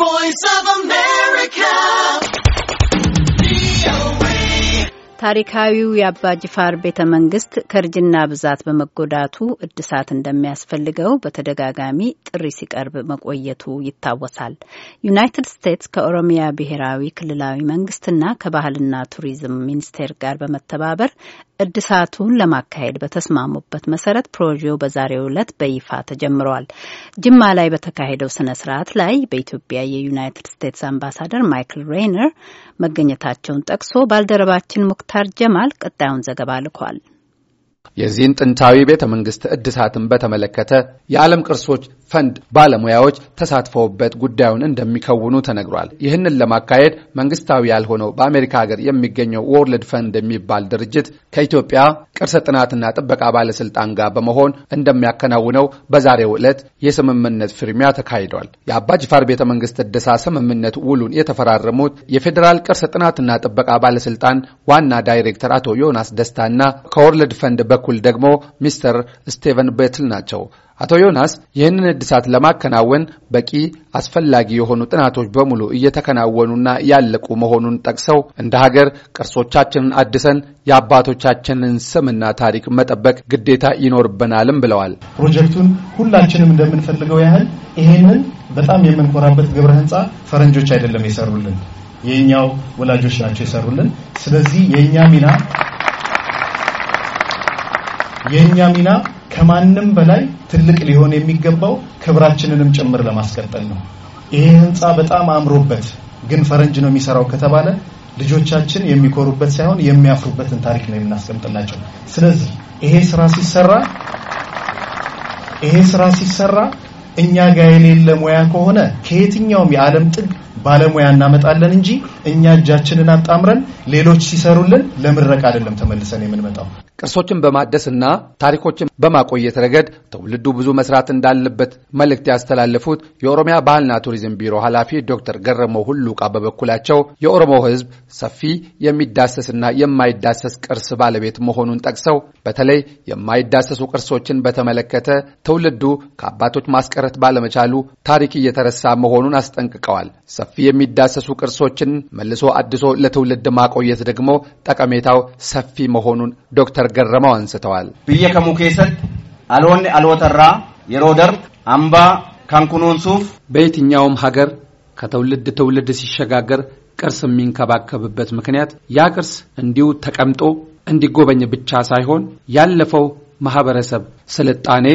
voice of America. ታሪካዊው የአባጅፋር ቤተ መንግስት ከእርጅና ብዛት በመጎዳቱ እድሳት እንደሚያስፈልገው በተደጋጋሚ ጥሪ ሲቀርብ መቆየቱ ይታወሳል። ዩናይትድ ስቴትስ ከኦሮሚያ ብሔራዊ ክልላዊ መንግስትና ከባህልና ቱሪዝም ሚኒስቴር ጋር በመተባበር እድሳቱን ለማካሄድ በተስማሙበት መሰረት ፕሮጀው በዛሬው ዕለት በይፋ ተጀምረዋል። ጅማ ላይ በተካሄደው ስነ ስርዓት ላይ በኢትዮጵያ የዩናይትድ ስቴትስ አምባሳደር ማይክል ሬይነር መገኘታቸውን ጠቅሶ ባልደረባችን ሙክታር ጀማል ቀጣዩን ዘገባ ልኳል። የዚህን ጥንታዊ ቤተ መንግስት እድሳትን በተመለከተ የዓለም ቅርሶች ፈንድ ባለሙያዎች ተሳትፈውበት ጉዳዩን እንደሚከውኑ ተነግሯል። ይህንን ለማካሄድ መንግስታዊ ያልሆነው በአሜሪካ ሀገር የሚገኘው ወርልድ ፈንድ የሚባል ድርጅት ከኢትዮጵያ ቅርስ ጥናትና ጥበቃ ባለስልጣን ጋር በመሆን እንደሚያከናውነው በዛሬው ዕለት የስምምነት ፍርሚያ ተካሂዷል። የአባጅፋር ቤተ መንግስት እደሳ ስምምነት ውሉን የተፈራረሙት የፌዴራል ቅርስ ጥናትና ጥበቃ ባለስልጣን ዋና ዳይሬክተር አቶ ዮናስ ደስታና ከወርልድ ፈንድ በኩል ደግሞ ሚስተር ስቴቨን ቤትል ናቸው። አቶ ዮናስ ይህንን እድሳት ለማከናወን በቂ አስፈላጊ የሆኑ ጥናቶች በሙሉ እየተከናወኑና ያለቁ መሆኑን ጠቅሰው እንደ ሀገር ቅርሶቻችንን አድሰን የአባቶቻችንን ስምና ታሪክ መጠበቅ ግዴታ ይኖርብናልም ብለዋል። ፕሮጀክቱን ሁላችንም እንደምንፈልገው ያህል ይሄንን በጣም የምንኮራበት ግብረ ህንፃ ፈረንጆች አይደለም የሰሩልን፣ የእኛው ወላጆች ናቸው የሰሩልን። ስለዚህ የእኛ ሚና የእኛ ሚና ከማንም በላይ ትልቅ ሊሆን የሚገባው ክብራችንንም ጭምር ለማስቀጠል ነው። ይሄ ህንፃ በጣም አምሮበት ግን ፈረንጅ ነው የሚሰራው ከተባለ ልጆቻችን የሚኮሩበት ሳይሆን የሚያፍሩበትን ታሪክ ነው የምናስቀምጥላቸው። ስለዚህ ይሄ ስራ ሲሰራ ይሄ ስራ ሲሰራ እኛ ጋር የሌለ ሙያ ከሆነ ከየትኛውም የዓለም ጥግ ባለሙያ እናመጣለን እንጂ እኛ እጃችንን አጣምረን ሌሎች ሲሰሩልን ለምረቅ አይደለም ተመልሰን የምንመጣው። ቅርሶችን በማደስና ታሪኮችን በማቆየት ረገድ ትውልዱ ብዙ መስራት እንዳለበት መልእክት ያስተላለፉት የኦሮሚያ ባህልና ቱሪዝም ቢሮ ኃላፊ ዶክተር ገረመው ሁሉቃ በበኩላቸው የኦሮሞ ሕዝብ ሰፊ የሚዳሰስና የማይዳሰስ ቅርስ ባለቤት መሆኑን ጠቅሰው በተለይ የማይዳሰሱ ቅርሶችን በተመለከተ ትውልዱ ከአባቶች ማስቀረት ባለመቻሉ ታሪክ እየተረሳ መሆኑን አስጠንቅቀዋል። ሰፊ የሚዳሰሱ ቅርሶችን መልሶ አድሶ ለትውልድ ማቆየት ደግሞ ጠቀሜታው ሰፊ መሆኑን ዶክተር ገረመው አንስተዋል። ብየ ከሙ ኬሰት አልሆን አልወተራ የሮደር አምባ አምባ ሱፍ በየትኛውም ሀገር ከትውልድ ትውልድ ሲሸጋገር ቅርስ የሚንከባከብበት ምክንያት ያ ቅርስ እንዲሁ ተቀምጦ እንዲጎበኝ ብቻ ሳይሆን ያለፈው ማህበረሰብ ስልጣኔ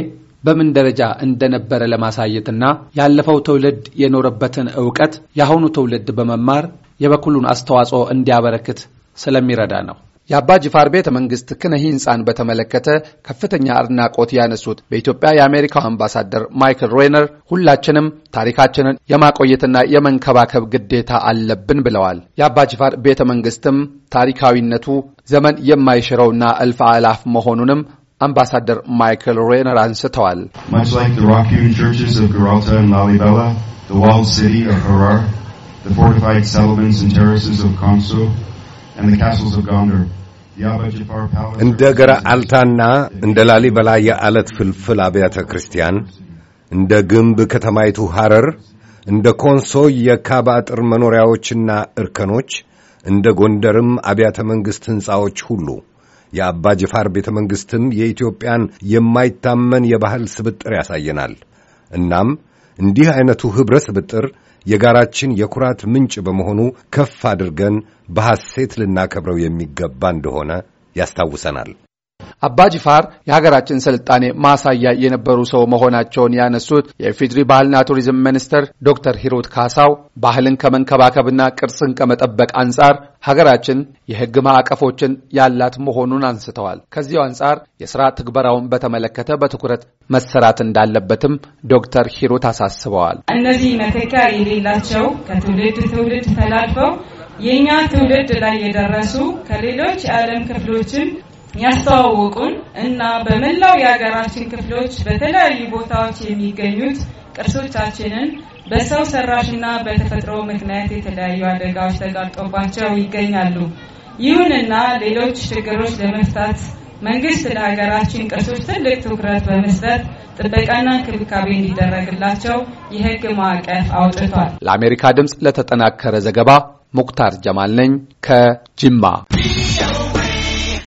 በምን ደረጃ እንደነበረ ለማሳየትና ያለፈው ትውልድ የኖረበትን ዕውቀት የአሁኑ ትውልድ በመማር የበኩሉን አስተዋጽኦ እንዲያበረክት ስለሚረዳ ነው። የአባ ጅፋር ቤተ መንግስት ክነሂ ህንፃን በተመለከተ ከፍተኛ አድናቆት ያነሱት በኢትዮጵያ የአሜሪካው አምባሳደር ማይክል ሮይነር ሁላችንም ታሪካችንን የማቆየትና የመንከባከብ ግዴታ አለብን ብለዋል። የአባ ጅፋር ቤተ መንግስትም ታሪካዊነቱ ዘመን የማይሽረውና እልፍ አላፍ መሆኑንም አምባሳደር ማይክል ሮይነር አንስተዋል። ሮይነር እንደ ገራ አልታና እንደ ላሊበላ የዓለት ፍልፍል አብያተ ክርስቲያን፣ እንደ ግንብ ከተማይቱ ሐረር፣ እንደ ኮንሶ የካባ አጥር መኖሪያዎችና እርከኖች፣ እንደ ጎንደርም አብያተ መንግሥት ሕንፃዎች ሁሉ የአባ ጅፋር ቤተ መንግሥትም የኢትዮጵያን የማይታመን የባህል ስብጥር ያሳየናል። እናም እንዲህ ዐይነቱ ኅብረ ስብጥር የጋራችን የኩራት ምንጭ በመሆኑ ከፍ አድርገን በሐሴት ልናከብረው የሚገባ እንደሆነ ያስታውሰናል። አባጅፋር የሀገራችን ስልጣኔ ማሳያ የነበሩ ሰው መሆናቸውን ያነሱት የኢፌዴሪ ባህልና ቱሪዝም ሚኒስትር ዶክተር ሂሩት ካሳው ባህልን ከመንከባከብና ቅርስን ከመጠበቅ አንጻር ሀገራችን የሕግ ማዕቀፎችን ያላት መሆኑን አንስተዋል። ከዚሁ አንጻር የሥራ ትግበራውን በተመለከተ በትኩረት መሰራት እንዳለበትም ዶክተር ሂሩት አሳስበዋል። እነዚህ መተኪያ የሌላቸው ከትውልድ ትውልድ ተላልፈው የእኛ ትውልድ ላይ የደረሱ ከሌሎች የዓለም ክፍሎችን የሚያስተዋውቁን እና በመላው የሀገራችን ክፍሎች በተለያዩ ቦታዎች የሚገኙት ቅርሶቻችንን በሰው ሰራሽና በተፈጥሮ ምክንያት የተለያዩ አደጋዎች ተጋርጦባቸው ይገኛሉ። ይሁንና ሌሎች ችግሮች ለመፍታት መንግስት ለሀገራችን ቅርሶች ትልቅ ትኩረት በመስጠት ጥበቃና እንክብካቤ እንዲደረግላቸው የህግ ማዕቀፍ አውጥቷል። ለአሜሪካ ድምፅ ለተጠናከረ ዘገባ ሙክታር ጀማል ነኝ ከጅማ